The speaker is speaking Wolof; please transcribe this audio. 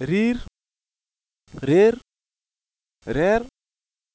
riir réer reer